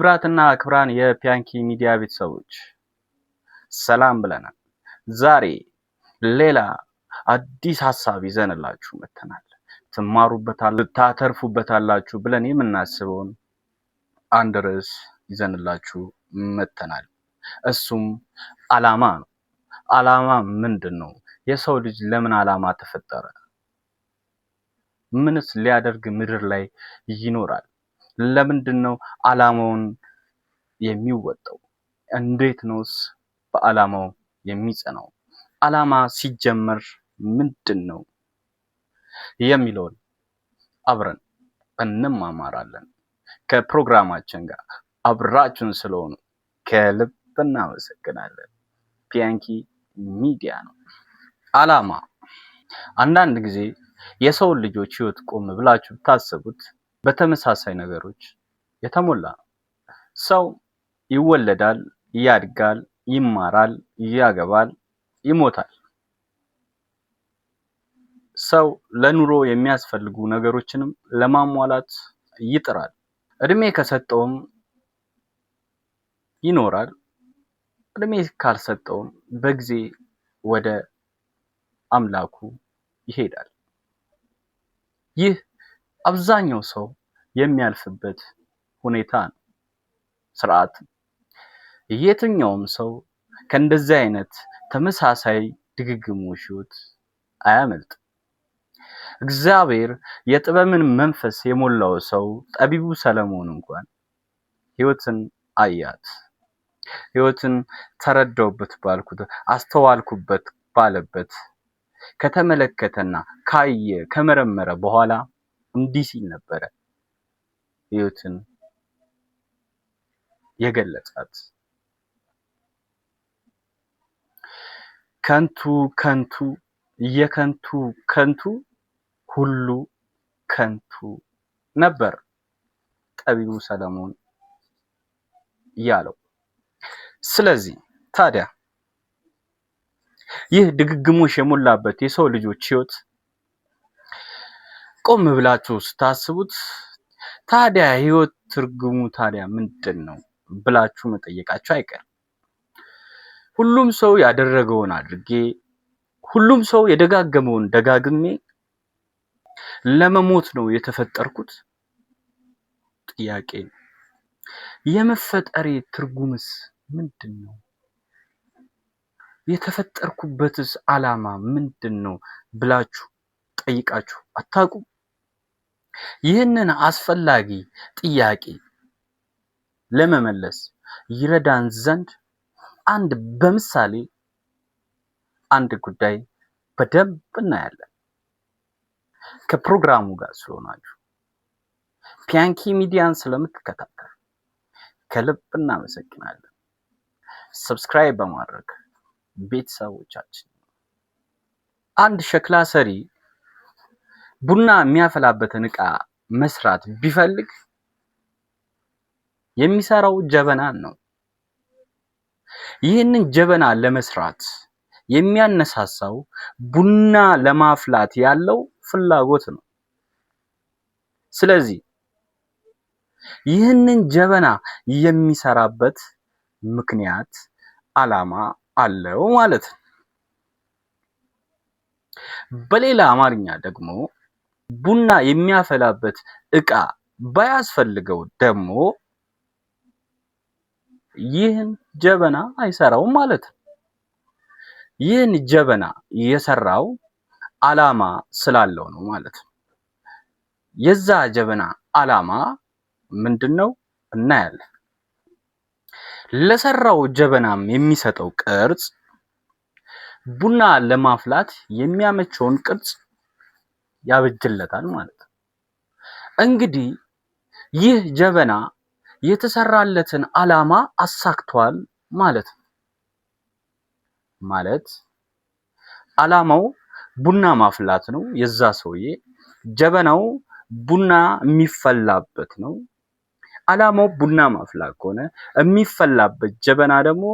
ክቡራትና ክብራን የፒያንኪ ሚዲያ ቤተሰቦች ሰላም ብለናል። ዛሬ ሌላ አዲስ ሀሳብ ይዘንላችሁ መተናል። ትማሩበታል፣ ታተርፉበታላችሁ ብለን የምናስበውን አንድ ርዕስ ይዘንላችሁ መተናል። እሱም አላማ ነው። አላማ ምንድን ነው? የሰው ልጅ ለምን ዓላማ ተፈጠረ? ምንስ ሊያደርግ ምድር ላይ ይኖራል? ለምንድን ነው አላማውን የሚወጣው? እንዴት ነውስ በአላማው የሚጸናው? አላማ ሲጀመር ምንድን ነው የሚለውን አብረን እንማማራለን። ከፕሮግራማችን ጋር አብራችሁን ስለሆኑ ከልብ እናመሰግናለን። ፒያንኪ ሚዲያ ነው። አላማ አንዳንድ ጊዜ የሰውን ልጆች ህይወት ቆም ብላችሁ ብታስቡት በተመሳሳይ ነገሮች የተሞላ ነው። ሰው ይወለዳል፣ ያድጋል፣ ይማራል፣ ያገባል፣ ይሞታል። ሰው ለኑሮ የሚያስፈልጉ ነገሮችንም ለማሟላት ይጥራል። እድሜ ከሰጠውም ይኖራል፣ እድሜ ካልሰጠውም በጊዜ ወደ አምላኩ ይሄዳል። ይህ አብዛኛው ሰው የሚያልፍበት ሁኔታ ነው ስርዓት የትኛውም ሰው ከእንደዚህ አይነት ተመሳሳይ ድግግሞሽ አያመልጥ እግዚአብሔር የጥበብን መንፈስ የሞላው ሰው ጠቢቡ ሰለሞን እንኳን ህይወትን አያት። ህይወትን ተረዳውበት ባልኩት አስተዋልኩበት ባለበት ከተመለከተና ካየ ከመረመረ በኋላ እንዲህ ሲል ነበረ ህይወትን የገለጻት። ከንቱ ከንቱ የከንቱ ከንቱ ሁሉ ከንቱ ነበር ጠቢቡ ሰለሞን ያለው። ስለዚህ ታዲያ ይህ ድግግሞሽ የሞላበት የሰው ልጆች ህይወት ቆም ብላችሁ ስታስቡት ታዲያ ህይወት ትርጉሙ ታዲያ ምንድን ነው ብላችሁ መጠየቃችሁ አይቀርም። ሁሉም ሰው ያደረገውን አድርጌ፣ ሁሉም ሰው የደጋገመውን ደጋግሜ ለመሞት ነው የተፈጠርኩት? ጥያቄ የመፈጠሬ ትርጉምስ ምንድን ነው? የተፈጠርኩበትስ ዓላማ ምንድን ነው ብላችሁ ጠይቃችሁ አታውቁም? ይህንን አስፈላጊ ጥያቄ ለመመለስ ይረዳን ዘንድ አንድ በምሳሌ አንድ ጉዳይ በደንብ እናያለን። ከፕሮግራሙ ጋር ስለሆናችሁ ፒያንኪ ሚዲያን ስለምትከታተል ከልብ እናመሰግናለን። ሰብስክራይብ በማድረግ ቤተሰቦቻችን አንድ ሸክላ ሰሪ ቡና የሚያፈላበትን እቃ መስራት ቢፈልግ የሚሰራው ጀበናን ነው። ይህንን ጀበና ለመስራት የሚያነሳሳው ቡና ለማፍላት ያለው ፍላጎት ነው። ስለዚህ ይህንን ጀበና የሚሰራበት ምክንያት ዓላማ አለው ማለት ነው። በሌላ አማርኛ ደግሞ ቡና የሚያፈላበት እቃ ባያስፈልገው ደግሞ ይህን ጀበና አይሰራውም ማለት ነው። ይህን ጀበና የሰራው አላማ ስላለው ነው ማለት ነው። የዛ ጀበና አላማ ምንድን ነው እናያለን። ለሰራው ጀበናም የሚሰጠው ቅርጽ ቡና ለማፍላት የሚያመቸውን ቅርጽ ያብጅለታል ማለት ነው። እንግዲህ ይህ ጀበና የተሰራለትን ዓላማ አሳክቷል ማለት ነው። ማለት ዓላማው ቡና ማፍላት ነው የዛ ሰውዬ። ጀበናው ቡና የሚፈላበት ነው። ዓላማው ቡና ማፍላት ከሆነ የሚፈላበት ጀበና ደግሞ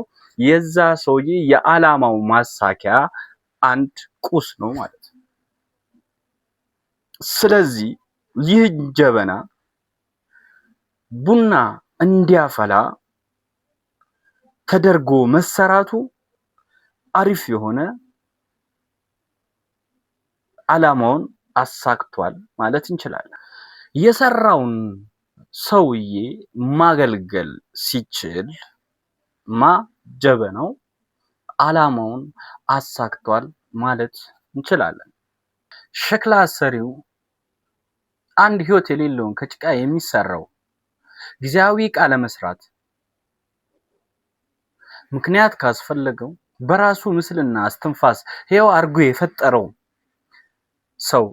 የዛ ሰውዬ የዓላማው ማሳኪያ አንድ ቁስ ነው ማለት ነው። ስለዚህ ይህ ጀበና ቡና እንዲያፈላ ተደርጎ መሰራቱ አሪፍ የሆነ ዓላማውን አሳክቷል ማለት እንችላለን። የሰራውን ሰውዬ ማገልገል ሲችል ማ ጀበናው ዓላማውን አሳክቷል ማለት እንችላለን። ሸክላ ሰሪው አንድ ህይወት የሌለውን ከጭቃ የሚሰራው ጊዜያዊ ዕቃ ለመስራት ምክንያት ካስፈለገው በራሱ ምስልና አስተንፋስ ሕያው አድርጎ የፈጠረው ሰው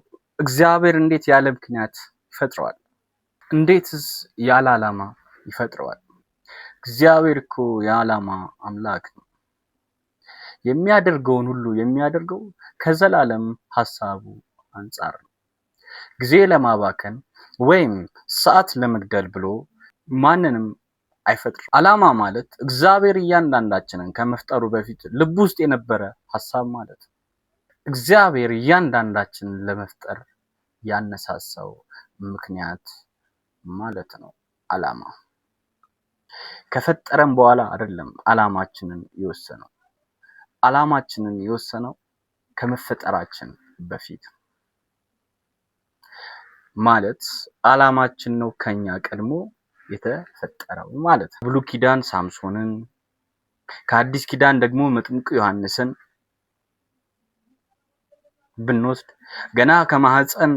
እግዚአብሔር እንዴት ያለ ምክንያት ይፈጥረዋል? እንዴትስ ያለ ዓላማ ይፈጥረዋል? እግዚአብሔር እኮ የዓላማ አምላክ ነው። የሚያደርገውን ሁሉ የሚያደርገው ከዘላለም ሀሳቡ አንጻር ነው። ጊዜ ለማባከን ወይም ሰዓት ለመግደል ብሎ ማንንም አይፈጥርም። ዓላማ ማለት እግዚአብሔር እያንዳንዳችንን ከመፍጠሩ በፊት ልብ ውስጥ የነበረ ሀሳብ ማለት ነው። እግዚአብሔር እያንዳንዳችንን ለመፍጠር ያነሳሳው ምክንያት ማለት ነው። ዓላማ ከፈጠረን በኋላ አይደለም ዓላማችንን የወሰነው። ዓላማችንን የወሰነው ከመፈጠራችን በፊት ነው። ማለት አላማችን ነው ከኛ ቀድሞ የተፈጠረው ማለት ነው። ብሉይ ኪዳን ሳምሶንን ከአዲስ ኪዳን ደግሞ መጥምቁ ዮሐንስን ብንወስድ ገና ከማህፀን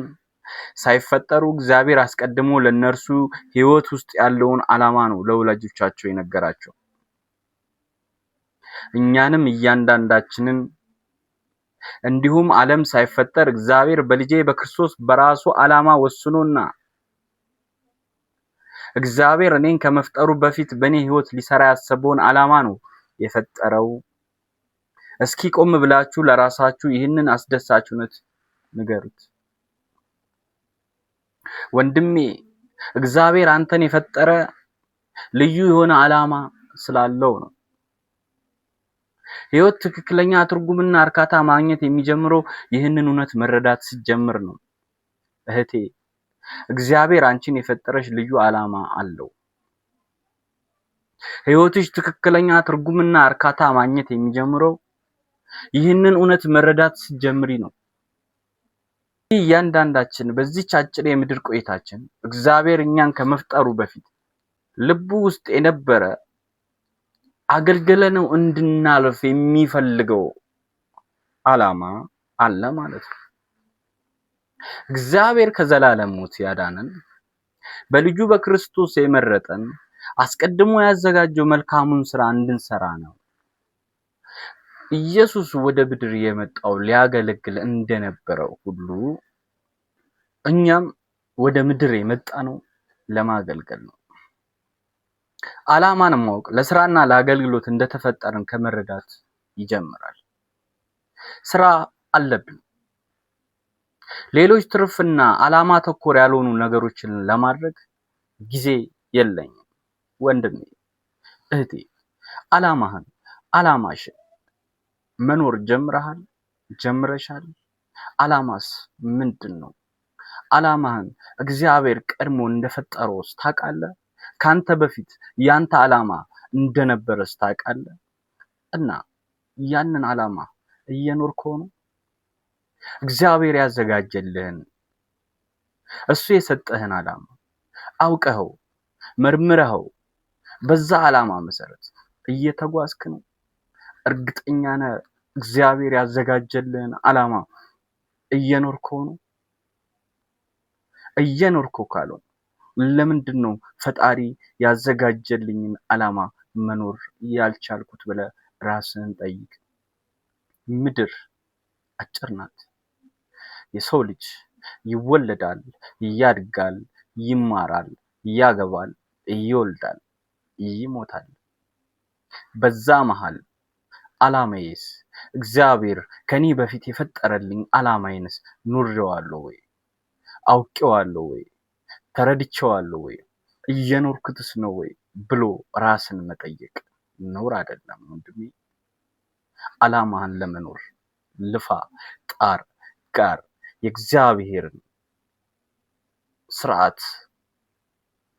ሳይፈጠሩ እግዚአብሔር አስቀድሞ ለእነርሱ ሕይወት ውስጥ ያለውን አላማ ነው ለወላጆቻቸው የነገራቸው። እኛንም እያንዳንዳችንን እንዲሁም ዓለም ሳይፈጠር እግዚአብሔር በልጄ በክርስቶስ በራሱ ዓላማ ወስኖና እግዚአብሔር እኔን ከመፍጠሩ በፊት በእኔ ሕይወት ሊሰራ ያሰበውን ዓላማ ነው የፈጠረው። እስኪ ቆም ብላችሁ ለራሳችሁ ይህንን አስደሳች እውነት ንገሩት። ወንድሜ እግዚአብሔር አንተን የፈጠረ ልዩ የሆነ ዓላማ ስላለው ነው። ህይወት ትክክለኛ ትርጉምና እርካታ ማግኘት የሚጀምረው ይህንን እውነት መረዳት ስትጀምር ነው። እህቴ፣ እግዚአብሔር አንቺን የፈጠረሽ ልዩ ዓላማ አለው። ህይወትሽ ትክክለኛ ትርጉምና እርካታ ማግኘት የሚጀምረው ይህንን እውነት መረዳት ስትጀምሪ ነው። እያንዳንዳችን በዚች አጭር የምድር ቆይታችን እግዚአብሔር እኛን ከመፍጠሩ በፊት ልቡ ውስጥ የነበረ ነው እንድናልፍ የሚፈልገው ዓላማ አለ ማለት ነው። እግዚአብሔር ከዘላለም ሞት ያዳነን በልጁ በክርስቶስ የመረጠን አስቀድሞ ያዘጋጀው መልካሙን ስራ እንድንሰራ ነው። ኢየሱስ ወደ ምድር የመጣው ሊያገለግል እንደነበረው ሁሉ እኛም ወደ ምድር የመጣ ነው ለማገልገል ነው። ዓላማን ማወቅ ለስራና ለአገልግሎት እንደተፈጠርን ከመረዳት ይጀምራል። ስራ አለብን። ሌሎች ትርፍና ዓላማ ተኮር ያልሆኑ ነገሮችን ለማድረግ ጊዜ የለኝም። ወንድሜ እህቴ፣ ዓላማህን አላማሽ መኖር ጀምረሃል ጀምረሻል። ዓላማስ ምንድን ነው? ዓላማህን እግዚአብሔር ቀድሞ እንደፈጠረውስ ታውቃለህ? ከአንተ በፊት ያንተ ዓላማ እንደነበረስ ታውቃለህ? እና ያንን ዓላማ እየኖር ከሆነ እግዚአብሔር ያዘጋጀልህን እሱ የሰጠህን ዓላማ አውቀኸው መርምረኸው በዛ ዓላማ መሰረት እየተጓዝክ ነው። እርግጠኛ ነህ? እግዚአብሔር ያዘጋጀልህን ዓላማ እየኖር ነው? እየኖርኩ ካልሆነ ለምንድን ነው ፈጣሪ ያዘጋጀልኝን ዓላማ መኖር ያልቻልኩት ብለ ራስህን ጠይቅ። ምድር አጭር ናት። የሰው ልጅ ይወለዳል፣ ያድጋል፣ ይማራል፣ ያገባል፣ ይወልዳል፣ ይሞታል። በዛ መሃል ዓላማዬስ እግዚአብሔር ከኔ በፊት የፈጠረልኝ ዓላማዬንስ ኑሬዋለሁ ወይ? አውቄዋለሁ ወይ? ተረድቼዋለሁ ወይ እየኖርክትስ ነው ወይ ብሎ ራስን መጠየቅ ኖር አይደለም ወንድሜ። አላማህን ለመኖር ልፋ፣ ጣር፣ ጋር። የእግዚአብሔርን ስርዓት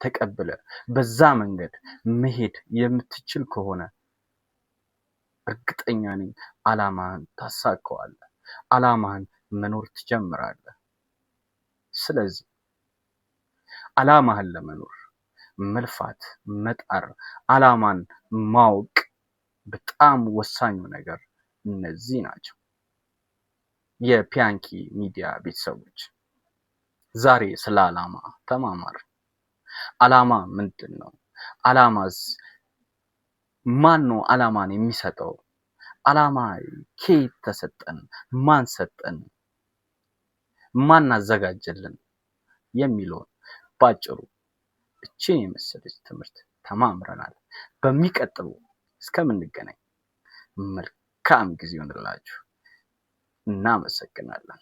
ተቀብለ በዛ መንገድ መሄድ የምትችል ከሆነ እርግጠኛ ነኝ አላማህን ታሳካዋለህ። አላማህን መኖር ትጀምራለህ። ስለዚህ አላማህን ለመኖር መልፋት፣ መጣር፣ አላማን ማወቅ በጣም ወሳኙ ነገር እነዚህ ናቸው። የፒያንኪ ሚዲያ ቤተሰቦች ዛሬ ስለ አላማ ተማማር አላማ ምንድን ነው? አላማስ ማን ነው አላማን የሚሰጠው? አላማ ከየት ተሰጠን? ማን ሰጠን? ማን አዘጋጀልን? የሚለውን ባጭሩ እችን የመሰለች ትምህርት ተማምረናል። በሚቀጥሉ እስከምንገናኝ መልካም ጊዜ ይሆንላችሁ። እናመሰግናለን።